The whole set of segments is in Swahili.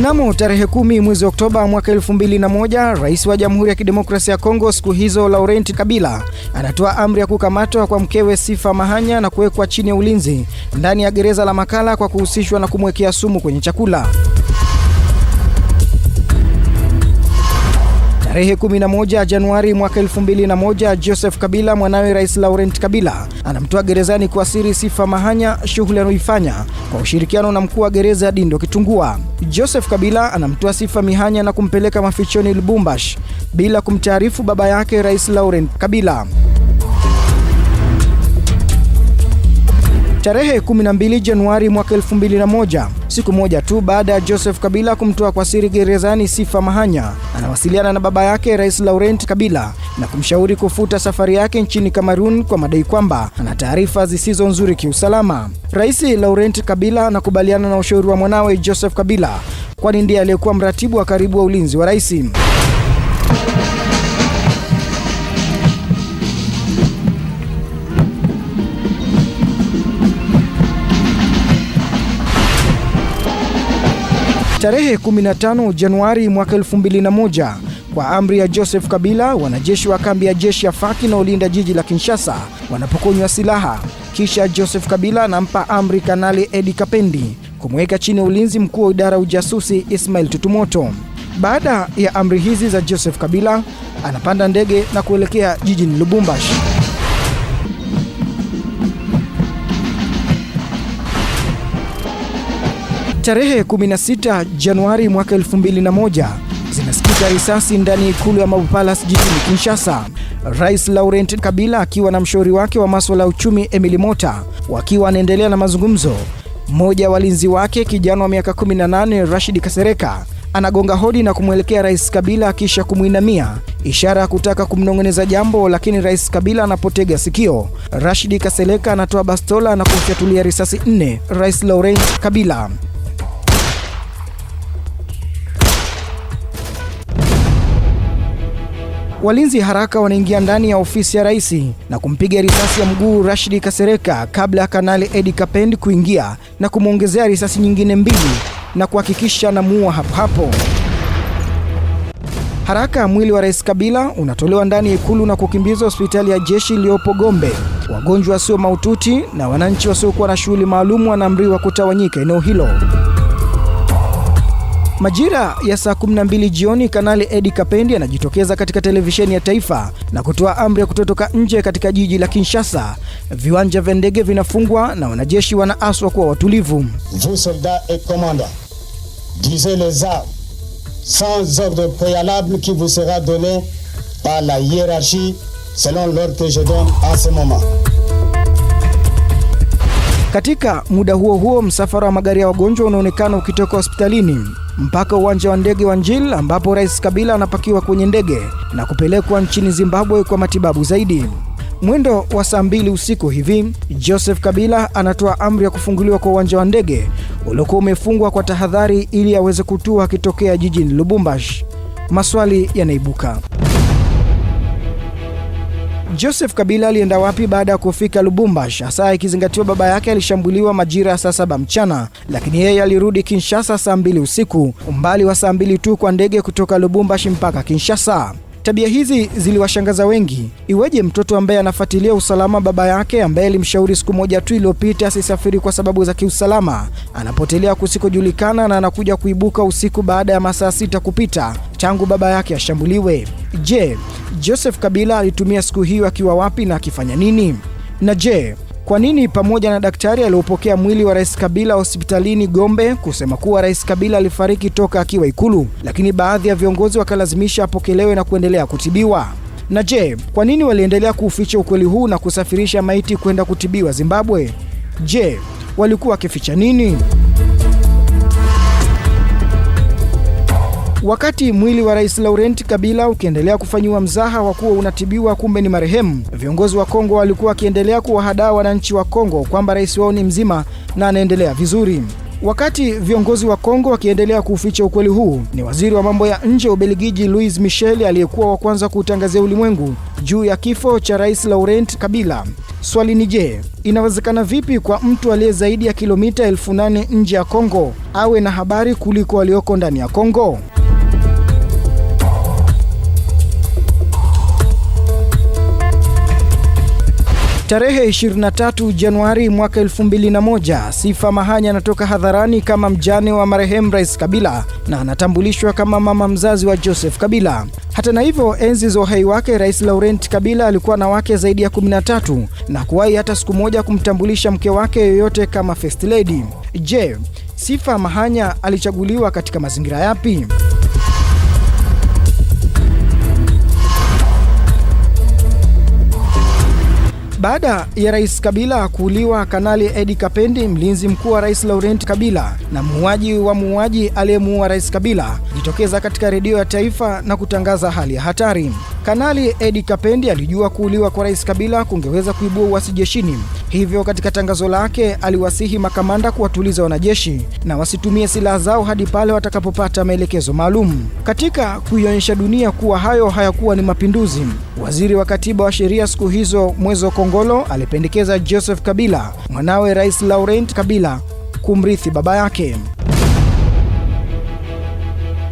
Mnamo tarehe kumi mwezi Oktoba mwaka moja, Rais wa Jamhuri ya Kidemokrasia ya Kongo siku hizo Laurent Kabila anatoa amri ya kukamatwa kwa mkewe Sifa Mahanya na kuwekwa chini ya ulinzi ndani ya gereza la Makala kwa kuhusishwa na kumwekea sumu kwenye chakula. Tarehe 11 Januari mwaka 2001, Joseph Kabila mwanawe Rais Laurent Kabila anamtoa gerezani kwa siri Sifa Mahanya, shughuli anayoifanya kwa ushirikiano na mkuu wa gereza Dindo Kitungua. Joseph Kabila anamtoa Sifa Mihanya na kumpeleka mafichoni Lubumbashi bila kumtaarifu baba yake Rais Laurent Kabila. Tarehe 12 Januari mwaka 2001, siku moja tu baada ya Joseph Kabila kumtoa kwa siri gerezani, Sifa Mahanya anawasiliana na baba yake Rais Laurent Kabila na kumshauri kufuta safari yake nchini Kamerun kwa madai kwamba ana taarifa zisizo nzuri kiusalama. Rais Laurent Kabila anakubaliana na ushauri wa mwanawe Joseph Kabila, kwani ndiye aliyekuwa mratibu wa karibu wa ulinzi wa rais. Tarehe 15 Januari mwaka 2001, kwa amri ya Joseph Kabila, wanajeshi wa kambi ya jeshi ya na ulinda jiji la Kinshasa wanapokonywa silaha, kisha Joseph Kabila anampa amri Kanali Edi Kapendi kumweka chini ya ulinzi mkuu wa idara ya ujasusi Ismail Tutumoto. Baada ya amri hizi za Joseph Kabila, anapanda ndege na kuelekea jijini Lubumbashi. tarehe 16 Januari mwaka 2001 zimesikika risasi ndani ya ikulu ya Mabu Palace jijini Kinshasa. Rais Laurent Kabila akiwa na mshauri wake wa masuala ya uchumi Emily Mota wakiwa anaendelea na mazungumzo. Mmoja wa walinzi wake kijana wa miaka 18 Rashid Kasereka anagonga hodi na kumwelekea Rais Kabila kisha kumwinamia ishara ya kutaka kumnong'oneza jambo, lakini Rais Kabila anapotega sikio, Rashidi Kaseleka anatoa bastola na kumfyatulia risasi nne Rais Laurent Kabila. Walinzi haraka wanaingia ndani ya ofisi ya rais na kumpiga risasi ya mguu Rashidi Kasereka kabla ya Kanali Edi Kapend kuingia na kumwongezea risasi nyingine mbili na kuhakikisha anamuua hapo hapo. Haraka mwili wa Rais Kabila unatolewa ndani ya ikulu na kukimbizwa hospitali ya jeshi iliyopo Gombe. Wagonjwa wasio mahututi na wananchi wasiokuwa na shughuli maalum wanaamriwa kutawanyika eneo hilo. Majira ya saa 12 jioni, Kanali Edi Kapendi anajitokeza katika televisheni ya taifa na kutoa amri ya kutotoka nje katika jiji la Kinshasa. Viwanja vya ndege vinafungwa na wanajeshi wanaaswa kuwa watulivu. Vous soldats et commandants, disez les armes sans ordre préalable qui vous sera donné par la hiérarchie selon l'ordre que je donne en ce moment. Katika muda huo huo, msafara wa magari ya wagonjwa unaonekana ukitoka hospitalini mpaka uwanja wa ndege wa njil ambapo Rais Kabila anapakiwa kwenye ndege na kupelekwa nchini Zimbabwe kwa matibabu zaidi. Mwendo wa saa mbili usiku hivi, Joseph Kabila anatoa amri ya kufunguliwa kwa uwanja wa ndege uliokuwa umefungwa kwa tahadhari ili aweze kutua akitokea jijini Lubumbashi. Maswali yanaibuka. Joseph Kabila alienda wapi baada ya kufika Lubumbashi, hasa ikizingatiwa baba yake alishambuliwa majira ya saa saba mchana, lakini yeye alirudi Kinshasa saa mbili usiku, umbali wa saa mbili tu kwa ndege kutoka Lubumbashi mpaka Kinshasa. Tabia hizi ziliwashangaza wengi. Iweje mtoto ambaye anafuatilia usalama baba yake ambaye alimshauri siku moja tu iliyopita asisafiri kwa sababu za kiusalama, anapotelea kusikojulikana na anakuja kuibuka usiku baada ya masaa sita kupita tangu baba yake ashambuliwe? Je, Joseph Kabila alitumia siku hiyo akiwa wapi na akifanya nini? Na je, kwa nini pamoja na daktari aliopokea mwili wa Rais Kabila hospitalini Gombe kusema kuwa Rais Kabila alifariki toka akiwa Ikulu, lakini baadhi ya viongozi wakalazimisha apokelewe na kuendelea kutibiwa? Na je, kwa nini waliendelea kuuficha ukweli huu na kusafirisha maiti kwenda kutibiwa Zimbabwe? Je, walikuwa wakificha nini? Wakati mwili wa Rais Laurent Kabila ukiendelea kufanyiwa mzaha wa kuwa unatibiwa kumbe ni marehemu, viongozi wa Kongo walikuwa wakiendelea kuwahadaa wananchi wa Kongo kwamba rais wao ni mzima na anaendelea vizuri. Wakati viongozi wa Kongo wakiendelea kuuficha ukweli huu, ni waziri wa mambo ya nje wa Ubelgiji Louis Michel aliyekuwa wa kwanza kuutangazia ulimwengu juu ya kifo cha Rais Laurent Kabila. Swali ni je, inawezekana vipi kwa mtu aliye zaidi ya kilomita elfu nane nje ya Kongo awe na habari kuliko walioko ndani ya Kongo? Tarehe 23 Januari mwaka 2001, Sifa Mahanya anatoka hadharani kama mjane wa marehemu Rais Kabila na anatambulishwa kama mama mzazi wa Joseph Kabila. Hata na hivyo, enzi za uhai wake Rais Laurent Kabila alikuwa na wake zaidi ya 13 na kuwahi hata siku moja kumtambulisha mke wake yoyote kama First Lady. Je, Sifa Mahanya alichaguliwa katika mazingira yapi? Baada ya Rais Kabila kuuliwa, Kanali Edi Kapendi, mlinzi mkuu wa Rais Laurent Kabila na muuaji wa muuaji aliyemuua Rais Kabila, jitokeza katika redio ya taifa na kutangaza hali ya hatari. Kanali Edi Kapendi alijua kuuliwa kwa Rais Kabila kungeweza kuibua uasi jeshini Hivyo katika tangazo lake aliwasihi makamanda kuwatuliza wanajeshi na wasitumie silaha zao hadi pale watakapopata maelekezo maalum. Katika kuionyesha dunia kuwa hayo hayakuwa ni mapinduzi, waziri wa katiba wa sheria siku hizo Mwezo Kongolo alipendekeza Joseph Kabila, mwanawe Rais Laurent Kabila kumrithi baba yake.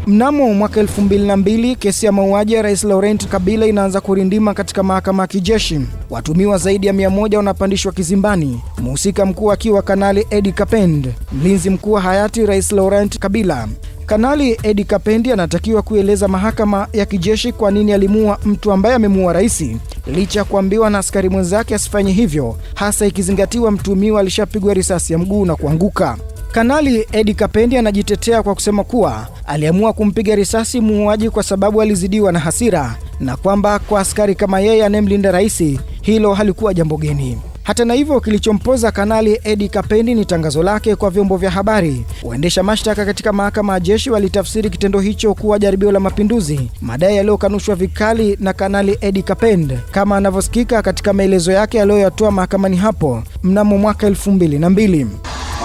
Mnamo mwaka elfu mbili na mbili kesi ya mauaji ya rais Laurent Kabila inaanza kurindima katika mahakama ya kijeshi. Watumiwa zaidi ya mia moja wanapandishwa kizimbani, mhusika mkuu akiwa Kanali Edi Kapend, mlinzi mkuu wa hayati rais Laurent Kabila. Kanali Edi Kapendi anatakiwa kueleza mahakama ya kijeshi kwa nini alimuua mtu ambaye amemuua raisi, licha ya kuambiwa na askari mwenzake asifanye hivyo, hasa ikizingatiwa mtumiwa alishapigwa risasi ya mguu na kuanguka. Kanali Edi Kapendi anajitetea kwa kusema kuwa aliamua kumpiga risasi muuaji kwa sababu alizidiwa na hasira na kwamba kwa askari kama yeye anayemlinda rais hilo halikuwa jambo geni. Hata na hivyo, kilichompoza Kanali Edi Kapendi ni tangazo lake kwa vyombo vya habari. Waendesha mashtaka katika mahakama ya jeshi walitafsiri kitendo hicho kuwa jaribio la mapinduzi, madai yaliyokanushwa vikali na Kanali Edi Kapendi kama anavyosikika katika maelezo yake aliyoyatoa mahakamani hapo mnamo mwaka elfu mbili na mbili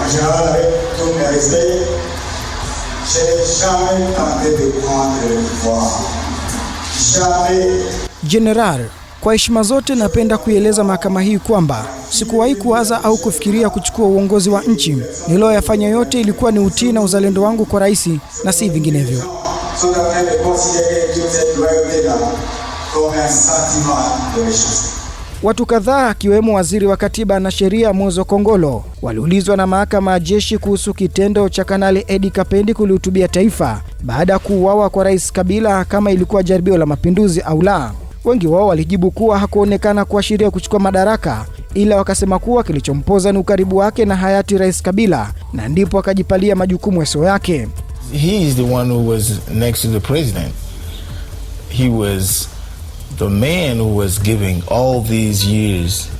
acaba tout mérité, j'ai jamais tenté de prendre le pouvoir. Jamais. Général. kwa heshima zote napenda kuieleza mahakama hii kwamba sikuwahi kuwaza au kufikiria kuchukua uongozi wa nchi. Niliyoyafanya yote ilikuwa ni utii na uzalendo wangu kwa rais na si vinginevyo. Watu kadhaa akiwemo waziri wa katiba na sheria Mozo Kongolo waliulizwa na mahakama ya jeshi kuhusu kitendo cha Kanali Edi Kapendi kulihutubia taifa baada ya kuuawa kwa Rais Kabila kama ilikuwa jaribio la mapinduzi au la. Wengi wao walijibu kuwa hakuonekana kuashiria kuchukua madaraka, ila wakasema kuwa kilichompoza ni ukaribu wake na hayati Rais Kabila, na ndipo akajipalia majukumu yasiyo yake. He is the one who was next to the president. He was the man who was giving all these years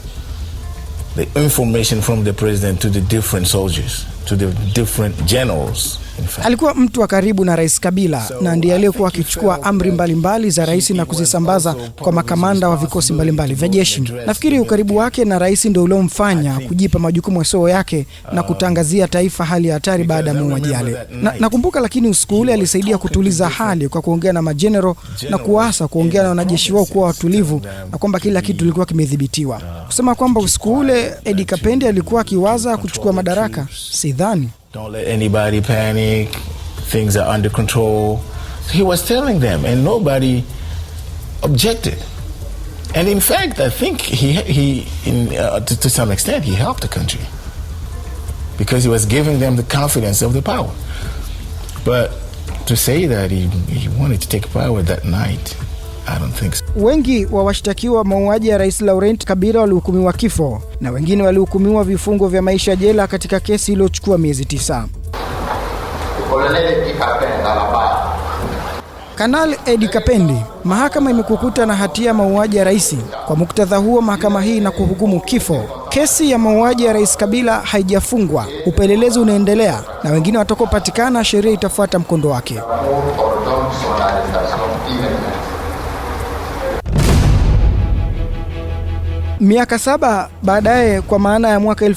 the information from the president to the different soldiers, to the different generals, Alikuwa mtu wa karibu na Rais Kabila so, na ndiye aliyekuwa akichukua amri mbalimbali za rais na kuzisambaza kwa makamanda wa vikosi mbalimbali vya jeshi. Nafikiri ukaribu wake na rais ndio uliomfanya kujipa majukumu soo yake na uh, kutangazia taifa hali ya hatari baada ya mauaji yale. Nakumbuka na lakini usiku ule alisaidia kutuliza hali kwa kuongea na majenero na kuwaasa kuongea na wanajeshi wao kuwa watulivu um, na kwamba kila kitu kilikuwa kimedhibitiwa. Uh, Kusema kwamba usiku ule Edi kapendi alikuwa akiwaza kuchukua madaraka, sidhani. Don't let anybody panic. Things are under control. He was telling them, and nobody objected. And in fact, I think he, he in, uh, to, to some extent, he helped the country because he was giving them the confidence of the power. But to say that he, he wanted to take power that night I don't think so. Wengi wa washtakiwa mauaji ya Rais Laurent Kabila walihukumiwa kifo na wengine walihukumiwa vifungo vya maisha jela katika kesi iliyochukua miezi tisa. Kanal Edi Kapendi, mahakama imekukuta na hatia ya mauaji ya rais. Kwa muktadha huo, mahakama hii na kuhukumu kifo. Kesi ya mauaji ya Rais Kabila haijafungwa, upelelezi unaendelea na wengine watakaopatikana, sheria itafuata mkondo wake. Miaka saba baadaye, kwa maana ya mwaka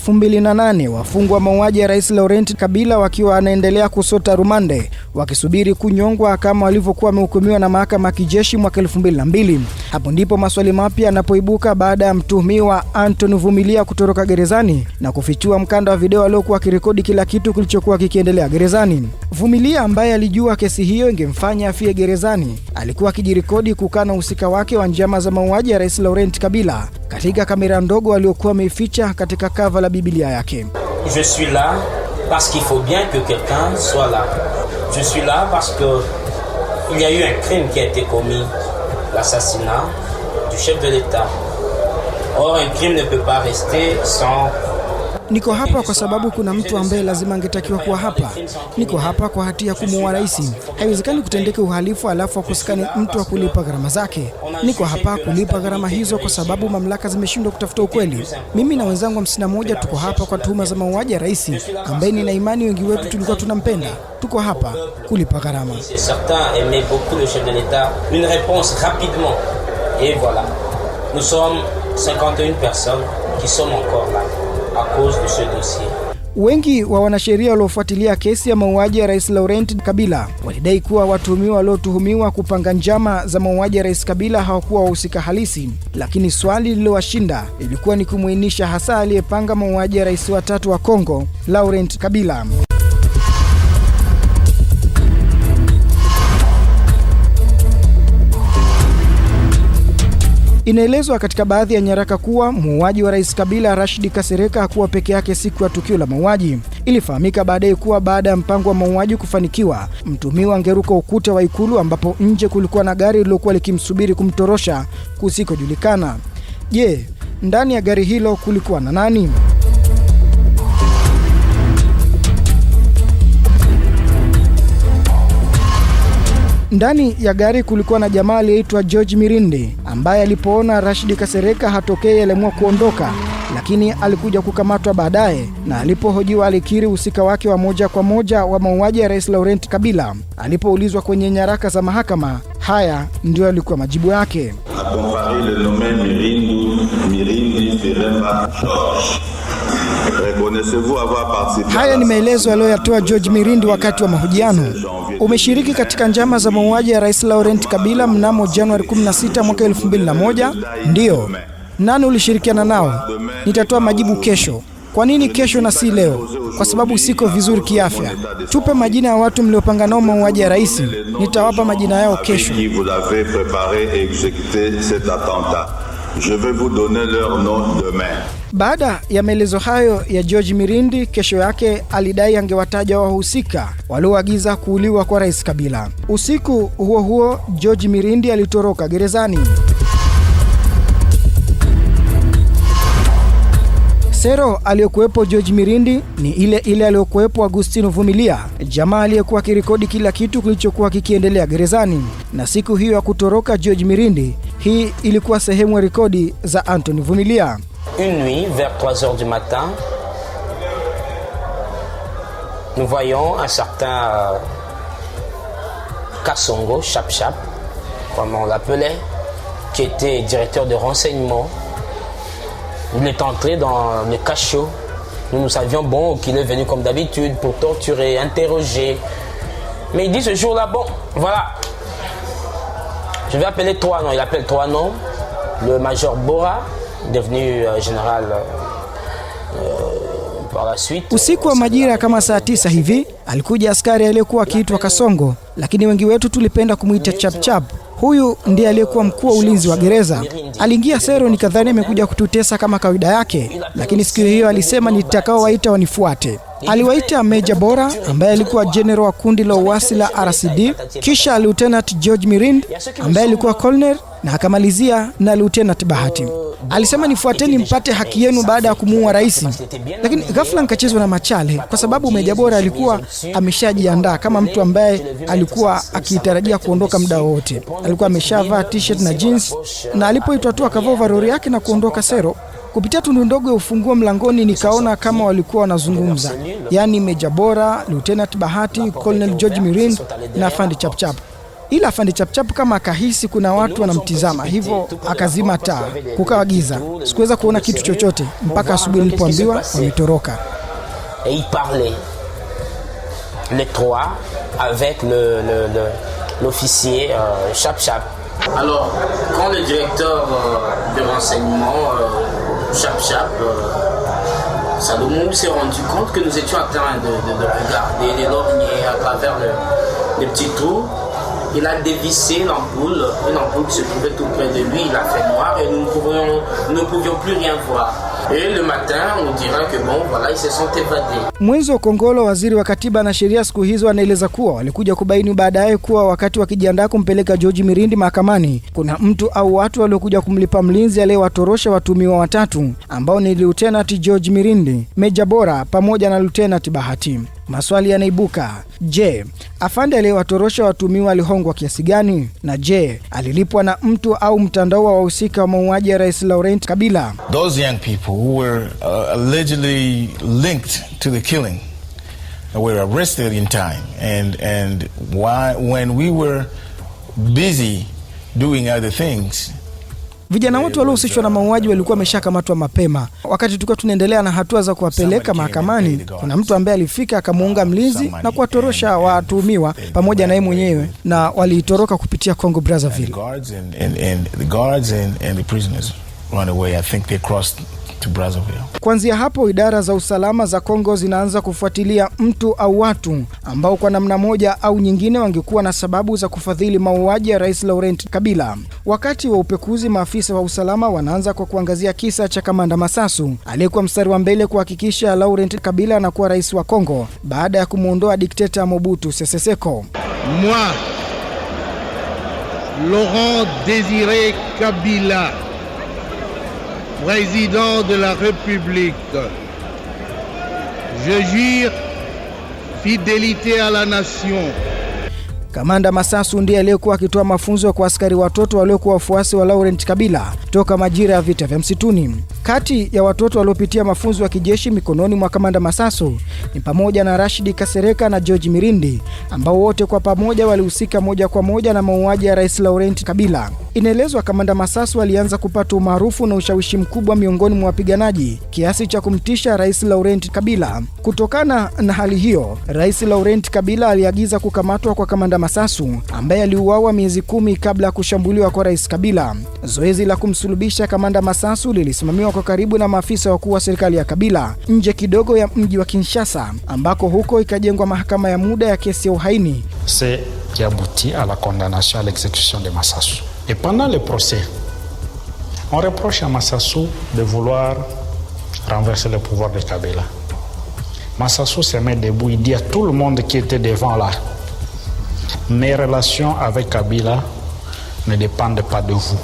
nane, wafungwa mauaji ya Rais Laurent Kabila wakiwa anaendelea kusota rumande wakisubiri kunyongwa kama walivyokuwa wamehukumiwa na mahakama ya kijeshi mwaka mbili. Hapo ndipo maswali mapya yanapoibuka baada ya mtuhumiwa Anton Vumilia kutoroka gerezani na kufichua mkanda wa video aliokuwa akirekodi kila kitu kilichokuwa kikiendelea gerezani. Vumilia ambaye alijua kesi hiyo ingemfanya afie gerezani, alikuwa akijirekodi kukana uhusika wake wa njama za mauaji ya Rais Laurent Kabila katika Je suis là parce qu'il faut bien que quelqu'un soit là. Je suis là parce que il y a eu un crime qui a été commis, l'assassinat du chef de l'État. Or, un crime ne peut pas rester sans Niko hapa kwa sababu kuna mtu ambaye lazima angetakiwa kuwa hapa. Niko hapa kwa hatia ya kumuua rais. Haiwezekani kutendeka uhalifu alafu akusikane mtu wa kulipa gharama zake. Niko hapa kulipa gharama hizo kwa sababu mamlaka zimeshindwa kutafuta ukweli. Mimi na wenzangu hamsini na moja tuko hapa kwa tuhuma za mauaji ya rais ambaye nina imani wengi wetu tulikuwa tunampenda. Tuko hapa kulipa gharama. Et voilà. Nous sommes 51 personnes qui sommes encore là cause de ce dossier. Wengi wa wanasheria waliofuatilia kesi ya mauaji ya Rais Laurent Kabila walidai kuwa watuhumiwa waliotuhumiwa kupanga njama za mauaji ya Rais Kabila hawakuwa wahusika halisi, lakini swali lililowashinda ilikuwa ni kumwinisha hasa aliyepanga mauaji ya rais wa tatu wa Kongo, Laurent Kabila. Inaelezwa katika baadhi ya nyaraka kuwa muuaji wa Rais Kabila Rashid Kasereka hakuwa peke yake siku ya tukio la mauaji. Ilifahamika baadaye kuwa baada ya mpango wa mauaji kufanikiwa, mtumiwa angeruka ukuta wa Ikulu ambapo nje kulikuwa na gari lililokuwa likimsubiri kumtorosha kusikojulikana. Je, ndani ya gari hilo kulikuwa na nani? Ndani ya gari kulikuwa na jamaa aliyeitwa George Mirindi ambaye alipoona Rashidi Kasereka hatokei aliamua kuondoka, lakini alikuja kukamatwa baadaye na alipohojiwa alikiri uhusika wake wa moja kwa moja wa mauaji ya Rais Laurent Kabila. Alipoulizwa kwenye nyaraka za mahakama, haya ndiyo yalikuwa majibu yake. Eh, Haya ni maelezo aliyoyatoa George Mirindi wakati wa mahojiano. Umeshiriki katika njama za mauaji ya Rais Laurent Kabila mnamo Januari 16 mwaka 2001? Ndiyo. Nani ulishirikiana nao? Nitatoa majibu kesho. Kwa nini kesho na si leo? Kwa sababu siko vizuri kiafya. Tupe majina ya watu mliopanga nao mauaji ya rais. Nitawapa majina yao kesho. Je vais vous donner leur nom demain. Baada ya maelezo hayo ya George Mirindi, kesho yake alidai angewataja wahusika walioagiza kuuliwa kwa Rais Kabila. Usiku huo huo, George Mirindi alitoroka gerezani. Sero aliyokuwepo George Mirindi ni ile ile aliyokuwepo Agustino Vumilia, jamaa aliyekuwa akirekodi kila kitu kilichokuwa kikiendelea gerezani. Na siku hiyo ya kutoroka George Mirindi il Une nuit vers 3h du matin nous voyons un certain euh, Kassongo, Kasongo Chap comme on l'appelait qui était directeur de renseignement. Il est entré dans le cachot. Nous nous savions bon qu'il est venu comme d'habitude pour torturer, interroger. Mais il dit ce jour-là, bon, voilà, Je vais appeler trois noms. Il appelle trois noms. Le major Bora, devenu euh, général euh, euh, Usiku wa majira kama saa tisa hivi alikuja askari aliyekuwa akiitwa Kasongo, lakini wengi wetu tulipenda kumwita Chapchap. Huyu ndiye aliyekuwa mkuu wa ulinzi wa gereza. Aliingia sero, nikadhani amekuja kututesa kama kawaida yake, lakini siku hiyo alisema, nitakaowaita wanifuate aliwaita Meja Bora ambaye alikuwa jenerali wa kundi la uasi la RCD, kisha Lieutenant George Mirind ambaye alikuwa colonel na akamalizia na Lieutenant Bahati. Alisema, nifuateni mpate haki yenu baada ya kumuua rais. Lakini ghafla nikachezwa na machale, kwa sababu Meja Bora alikuwa ameshajiandaa kama mtu ambaye alikuwa akitarajia kuondoka muda wowote. Alikuwa ameshavaa t-shirt na jeans, na alipoitwa tu akavaa ovaroli yake na kuondoka sero. Kupitia tundu ndogo ya ufunguo mlangoni, nikaona kama walikuwa wanazungumza, yaani Meja Bora, Lieutenant Bahati, Colonel George Mirin na Fandi Chapchap ila Fandi Chapchap kama akahisi kuna watu wanamtizama, hivyo akazima taa. Kukawa giza, sikuweza kuona kitu chochote mpaka asubuhi nilipoambiwa wametoroka. Euh, Alors, quand le directeur euh, de renseignement euh, chap chap, euh, Salomon s'est rendu compte que nous étions en train hein, de, regarder les lorgnets à travers les petits trous. Il a dévissé l'ampoule, une ampoule qui se trouvait tout près de lui, il a fait noir et nous ne pouvions plus rien voir. Et le matin, on dira que bon, voilà, ils se sont évadés. Mwenzo Kongolo, waziri wa katiba na sheria, siku hizo anaeleza kuwa walikuja kubaini baadaye kuwa wakati wakijiandaa kumpeleka George Mirindi mahakamani, kuna mtu au watu waliokuja kumlipa mlinzi aliyewatorosha watumiwa watatu ambao ni Lieutenant George Mirindi, Meja Bora pamoja na Lieutenant Bahati. Maswali yanaibuka. Je, afande aliyewatorosha watumiwa alihongwa kiasi gani? Na je, alilipwa na mtu au mtandao wa wahusika wa mauaji ya Rais Laurent Kabila? Those young people who were uh, allegedly linked to the killing were arrested in time and, and why, when we were busy doing other things Vijana wote waliohusishwa na mauaji walikuwa wameshakamatwa mapema. Wakati tukiwa tunaendelea na hatua za kuwapeleka mahakamani, kuna mtu ambaye alifika akamuunga mlinzi na kuwatorosha watuhumiwa pamoja na yeye mwenyewe, na waliitoroka kupitia Congo Brazzaville run away. I think they crossed to Brazzaville. Kuanzia hapo idara za usalama za Kongo zinaanza kufuatilia mtu au watu ambao kwa namna moja au nyingine wangekuwa na sababu za kufadhili mauaji ya Rais Laurent Kabila. Wakati wa upekuzi, maafisa wa usalama wanaanza kwa kuangazia kisa cha Kamanda Masasu aliyekuwa mstari wa mbele kuhakikisha Laurent Kabila anakuwa rais wa Kongo baada ya kumwondoa dikteta Mobutu Sese Seko. Moi Laurent Desire Kabila président de la République. Je jure fidélité à la nation. Kamanda Masasu ndiye aliyekuwa akitoa mafunzo kwa askari watoto waliokuwa wafuasi wa Laurent Kabila toka majira ya vita vya msituni. Kati ya watoto waliopitia mafunzo ya kijeshi mikononi mwa kamanda Masasu ni pamoja na Rashidi Kasereka na George Mirindi ambao wote kwa pamoja walihusika moja kwa moja na mauaji ya Rais Laurent Kabila. Inaelezwa kamanda Masasu alianza kupata umaarufu na ushawishi mkubwa miongoni mwa wapiganaji kiasi cha kumtisha Rais Laurent Kabila. Kutokana na hali hiyo, Rais Laurent Kabila aliagiza kukamatwa kwa kamanda Masasu ambaye aliuawa miezi kumi kabla ya kushambuliwa kwa Rais Kabila. Zoezi la kumsulubisha kamanda Masasu lilisimamiwa c'est qui aboutit à la condamnation à l'exécution de Massassou et pendant le procès on reproche à Massassou de vouloir renverser le pouvoir de Kabila. Massassou se met debout, il dit à tout le monde qui était devant là mes relations avec Kabila ne dépendent pas de vous.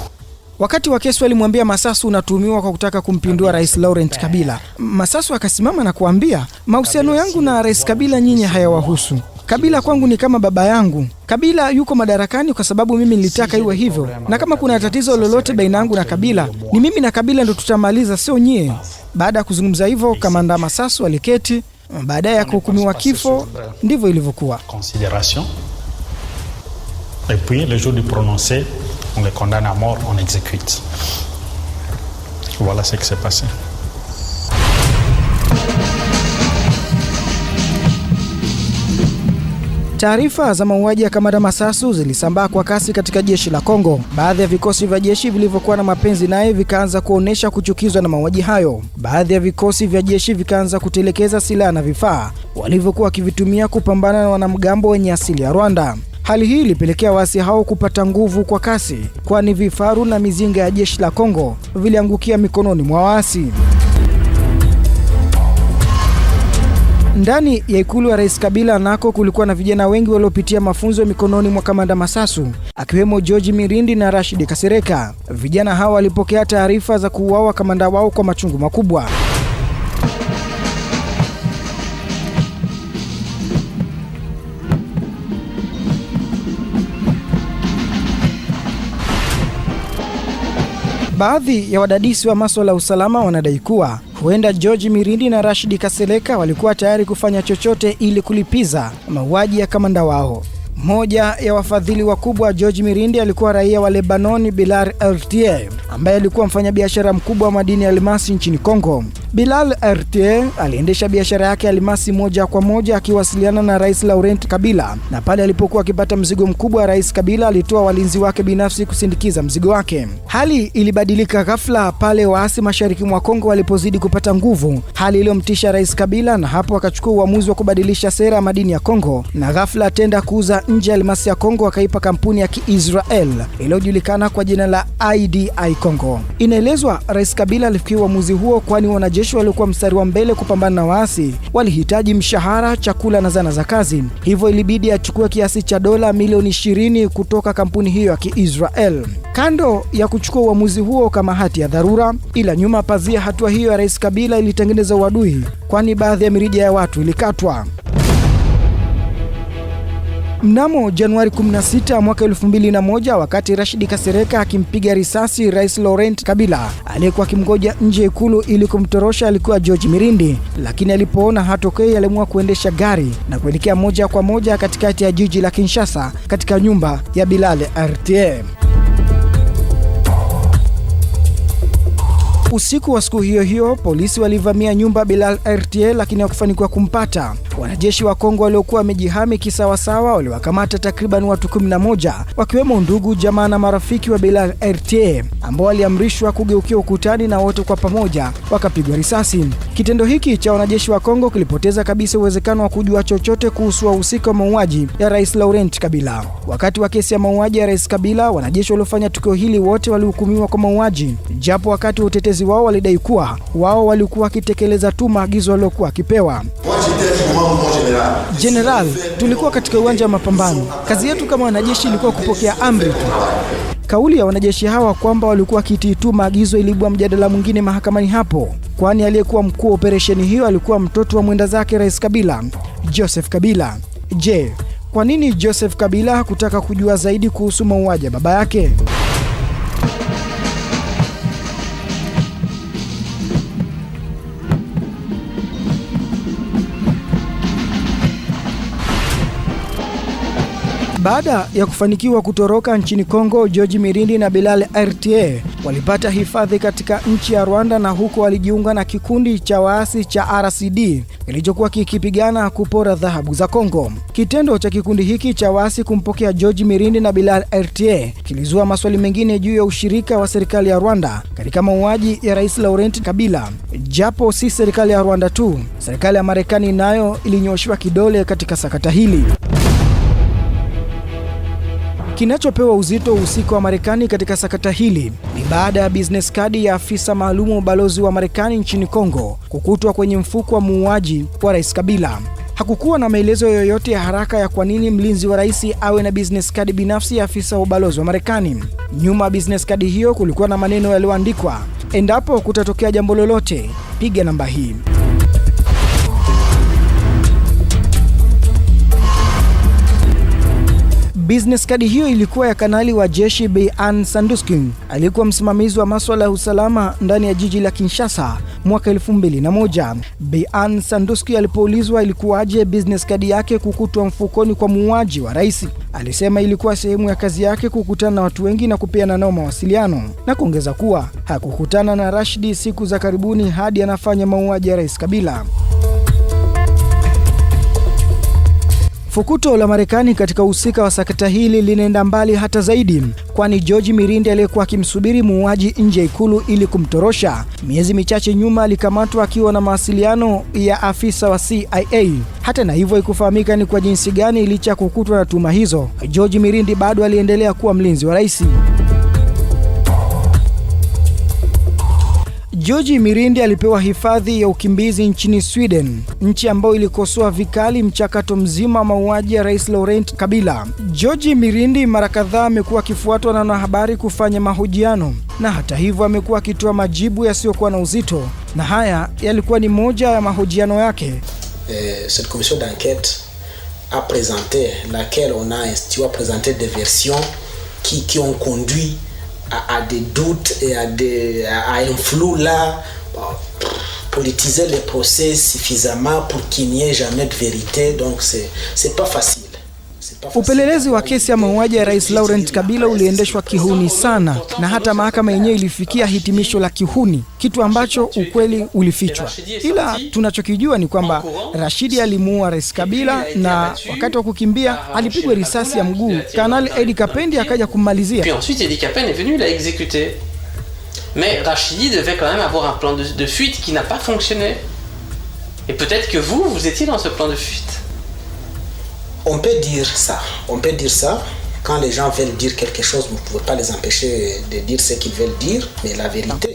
Wakati wa kesi alimwambia Masasu, unatuhumiwa kwa kutaka kumpindua Rais Laurent Kabila. Masasu akasimama na kuambia, mahusiano yangu na Rais Kabila nyinyi hayawahusu. Kabila kwangu ni kama baba yangu. Kabila yuko madarakani kwa sababu mimi nilitaka iwe hivyo, na kama kuna tatizo lolote baina yangu na Kabila, ni mimi na Kabila ndo tutamaliza, sio nyie. Baada ya kuzungumza hivyo, kamanda Masasu aliketi. Baadaye akahukumiwa kifo. Ndivyo ilivyokuwa on les condamne à mort, on exécute. Voilà ce qui s'est passé. Taarifa za mauaji ya kamanda Masasu zilisambaa kwa kasi katika jeshi la Kongo. Baadhi ya vikosi vya jeshi vilivyokuwa na mapenzi naye vikaanza kuonesha kuchukizwa na mauaji hayo. Baadhi ya vikosi vya jeshi vikaanza kutelekeza silaha na vifaa walivyokuwa wakivitumia kupambana na wanamgambo wenye asili ya Rwanda. Hali hii ilipelekea waasi hao kupata nguvu kwa kasi, kwani vifaru na mizinga ya jeshi la Kongo viliangukia mikononi mwa waasi. Ndani ya ikulu ya Rais Kabila nako kulikuwa na vijana wengi waliopitia mafunzo mikononi mwa kamanda Masasu akiwemo George Mirindi na Rashid Kasereka. Vijana hao walipokea taarifa za kuuawa kamanda wao kwa machungu makubwa. Baadhi ya wadadisi wa masuala ya usalama wanadai kuwa huenda George Mirindi na Rashidi Kaseleka walikuwa tayari kufanya chochote ili kulipiza mauaji ya kamanda wao. Mmoja ya wafadhili wakubwa George Mirindi alikuwa raia wa Lebanoni Bilal Ertie ambaye alikuwa mfanyabiashara mkubwa wa madini ya almasi nchini Kongo. Bilal Rta aliendesha biashara yake ya almasi moja kwa moja akiwasiliana na Rais Laurent Kabila, na pale alipokuwa akipata mzigo mkubwa, Rais Kabila alitoa walinzi wake binafsi kusindikiza mzigo wake. Hali ilibadilika ghafla pale waasi mashariki mwa Kongo walipozidi kupata nguvu, hali iliyomtisha Rais Kabila, na hapo akachukua uamuzi wa kubadilisha sera ya madini ya Kongo na ghafla tenda kuuza nje ya almasi ya Kongo wakaipa kampuni ya Kiisrael iliyojulikana kwa jina la IDI Congo. Inaelezwa Rais Kabila alifikia uamuzi huo kwani wanajeshi waliokuwa mstari wa mbele kupambana na waasi walihitaji mshahara, chakula na zana za kazi, hivyo ilibidi achukue kiasi cha dola milioni 20 kutoka kampuni hiyo ya Kiisrael. Kando ya kuchukua uamuzi huo kama hati ya dharura, ila nyuma pazia, hatua hiyo ya Rais Kabila ilitengeneza uadui, kwani baadhi ya mirija ya watu ilikatwa. Mnamo Januari 16 mwaka 2001, wakati Rashidi Kasereka akimpiga risasi Rais Laurent Kabila aliyekuwa akimgoja nje ikulu ili kumtorosha alikuwa George Mirindi, lakini alipoona hatokei aliamua kuendesha gari na kuelekea moja kwa moja katikati ya jiji la Kinshasa katika nyumba ya Bilal RTM. Usiku wa siku hiyo hiyo, polisi walivamia nyumba Bilal RTA lakini hawakufanikiwa kumpata. Wanajeshi wa Kongo waliokuwa wamejihami kisawasawa waliwakamata takriban watu 11 wakiwemo ndugu, jamaa na marafiki wa Bilal RTA ambao waliamrishwa kugeukia ukutani na wote kwa pamoja wakapigwa risasi. Kitendo hiki cha wanajeshi wa Kongo kilipoteza kabisa uwezekano wa kujua chochote kuhusu wahusika wa mauaji ya Rais Laurent Kabila. Wakati wa kesi ya mauaji ya Rais Kabila, wanajeshi waliofanya tukio hili wote walihukumiwa kwa mauaji, japo wakati wa utetezi viongozi wao walidai kuwa wao walikuwa wakitekeleza tu maagizo waliokuwa wakipewa. Jeneral, tulikuwa katika uwanja wa mapambano, kazi yetu kama wanajeshi ilikuwa kupokea amri tu. Kauli ya wanajeshi hawa kwamba walikuwa wakitii tu maagizo iliibua mjadala mwingine mahakamani hapo, kwani aliyekuwa mkuu wa operesheni hiyo alikuwa mtoto wa mwenda zake Rais Kabila, Joseph Kabila. Je, kwa nini Joseph Kabila hakutaka kujua zaidi kuhusu mauaji ya baba yake? Baada ya kufanikiwa kutoroka nchini Kongo, George Mirindi na Bilal RTA walipata hifadhi katika nchi ya Rwanda na huko walijiunga na kikundi cha waasi cha RCD kilichokuwa kikipigana kupora dhahabu za Kongo. Kitendo cha kikundi hiki cha waasi kumpokea George Mirindi na Bilal RTA kilizua maswali mengine juu ya ushirika wa serikali ya Rwanda katika mauaji ya Rais Laurent Kabila. Japo si serikali ya Rwanda tu, serikali ya Marekani nayo ilinyoshwa kidole katika sakata hili. Kinachopewa uzito usiku wa Marekani katika sakata hili ni baada ya business kadi ya afisa maalum wa ubalozi wa Marekani nchini Kongo kukutwa kwenye mfuko wa muuaji wa Rais Kabila. Hakukuwa na maelezo yoyote ya haraka ya kwa nini mlinzi wa rais awe na business kadi binafsi ya afisa wa ubalozi wa Marekani. Nyuma ya business kadi hiyo kulikuwa na maneno yaliyoandikwa, endapo kutatokea jambo lolote, piga namba hii. Business kadi hiyo ilikuwa ya kanali wa jeshi bean Sandusky, aliyekuwa msimamizi wa maswala ya usalama ndani ya jiji la Kinshasa mwaka 2001. Beian Sandusky alipoulizwa ilikuwaje business kadi yake kukutwa mfukoni kwa muuaji wa rais, alisema ilikuwa sehemu ya kazi yake kukutana na watu wengi na kupeana nao mawasiliano, na kuongeza kuwa hakukutana na Rashidi siku za karibuni hadi anafanya mauaji ya rais Kabila. Fukuto la Marekani katika uhusika wa sakata hili linaenda mbali hata zaidi, kwani George Mirindi aliyekuwa akimsubiri muuaji nje ya ikulu ili kumtorosha, miezi michache nyuma alikamatwa akiwa na mawasiliano ya afisa wa CIA. Hata na hivyo ikufahamika ni kwa jinsi gani, licha ya kukutwa na tuhuma hizo, George Mirindi bado aliendelea kuwa mlinzi wa rais. George Mirindi alipewa hifadhi ya ukimbizi nchini Sweden, nchi ambayo ilikosoa vikali mchakato mzima wa mauaji ya Rais Laurent Kabila. George Mirindi mara kadhaa amekuwa akifuatwa na wanahabari kufanya mahojiano, na hata hivyo amekuwa akitoa majibu yasiyokuwa na uzito, na haya yalikuwa ni moja ya mahojiano yake. Eh, cette commission d'enquête a présenté laquelle on a institué a présenté des versions qui qui ont conduit à, des doutes et à, des, à un flou là, politiser les procès suffisamment pour qu'il n'y ait jamais de vérité, donc c'est pas facile. Upelelezi wa kesi ya mauaji ya Rais Laurent Kabila uliendeshwa kihuni sana, na hata mahakama yenyewe ilifikia hitimisho la kihuni, kitu ambacho ukweli ulifichwa. Ila tunachokijua ni kwamba Rashidi alimuua Rais Kabila, na wakati wa kukimbia alipigwa risasi ya mguu. Kanali Edi Kapendi akaja kummalizia. Mais Rachidi devait quand même avoir un plan de, de fuite qui n'a pas fonctionné. Et peut-être que vous, vous étiez dans ce plan de fuite. On peut dire ça. On peut dire ça. Quand les gens veulent dire quelque chose, vous ne pouvez pas les empêcher de dire ce qu'ils veulent dire. Mais la vérité,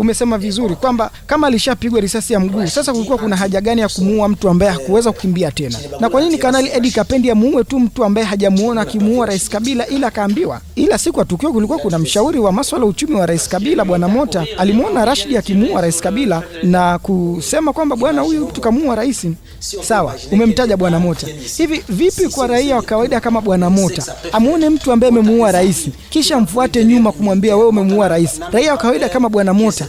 umesema vizuri kwamba kama alishapigwa risasi ya mguu, sasa kulikuwa kuna haja gani ya kumuua mtu ambaye hakuweza kukimbia tena? Na kwa nini Kanali Edi Kapendi amuue tu mtu ambaye hajamuona akimuua Rais Kabila, ila akaambiwa? Ila siku ya tukio kulikuwa kuna mshauri wa maswala ya uchumi wa Rais Kabila, Bwana Mota alimuona Rashidi akimuua Rais Kabila na kusema kwamba bwana, huyu tukamuua rais. Sawa, umemtaja Bwana Mota. Hivi vipi kwa raia wa kawaida kama Bwana Mota amuone mtu ambaye amemuua rais kisha mfuate nyuma kumwambia wewe umemuua rais? Raia wa kawaida kama Bwana Mota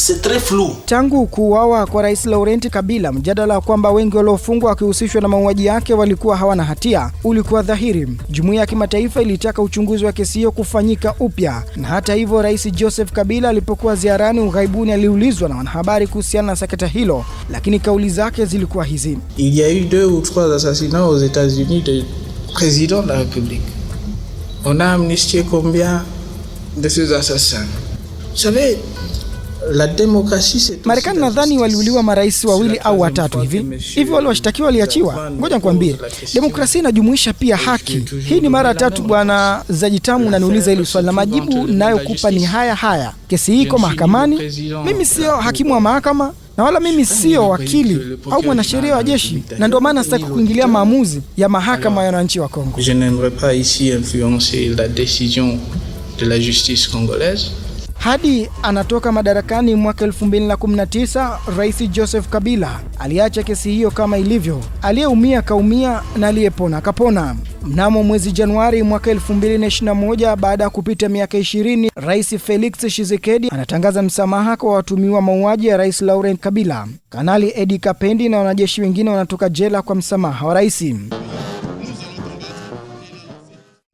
c'est très flou. Tangu kuuawa kwa Rais Laurenti Kabila, mjadala wa kwamba wengi waliofungwa wakihusishwa na mauaji yake walikuwa hawana hatia ulikuwa dhahiri. Jumuiya ya kimataifa ilitaka uchunguzi wa kesi hiyo kufanyika upya, na hata hivyo, Rais Joseph Kabila alipokuwa ziarani ughaibuni aliulizwa na wanahabari kuhusiana na sakata hilo, lakini kauli zake zilikuwa hizi: il y a eu deux ou trois assassinats aux États-Unis de président de la République. On a amnistié combien de ces assassins? Vous savez, Marekani nadhani waliuliwa marais wawili au watatu hivi hivi, washtakiwa waliachiwa. Ngoja nikwambie, demokrasia inajumuisha pia haki. Hii ni mara tatu Bwana Zajitamu unaniuliza hili swali na majibu nayokupa ni haya haya. Kesi hii iko mahakamani. Mimi sio hakimu wa mahakama na wala mimi yaani sio wakili au mwanasheria wa jeshi, na ndio maana sitaki kuingilia maamuzi ya mahakama ya wananchi wa Kongo. Hadi anatoka madarakani mwaka 2019, Rais Joseph Kabila aliacha kesi hiyo kama ilivyo, aliyeumia kaumia na aliyepona kapona. Mnamo mwezi Januari mwaka 2021, baada ya kupita miaka 20, Rais Felix Tshisekedi anatangaza msamaha kwa watumiwa mauaji ya Rais Laurent Kabila. Kanali Edi Kapendi na wanajeshi wengine wanatoka jela kwa msamaha wa rais.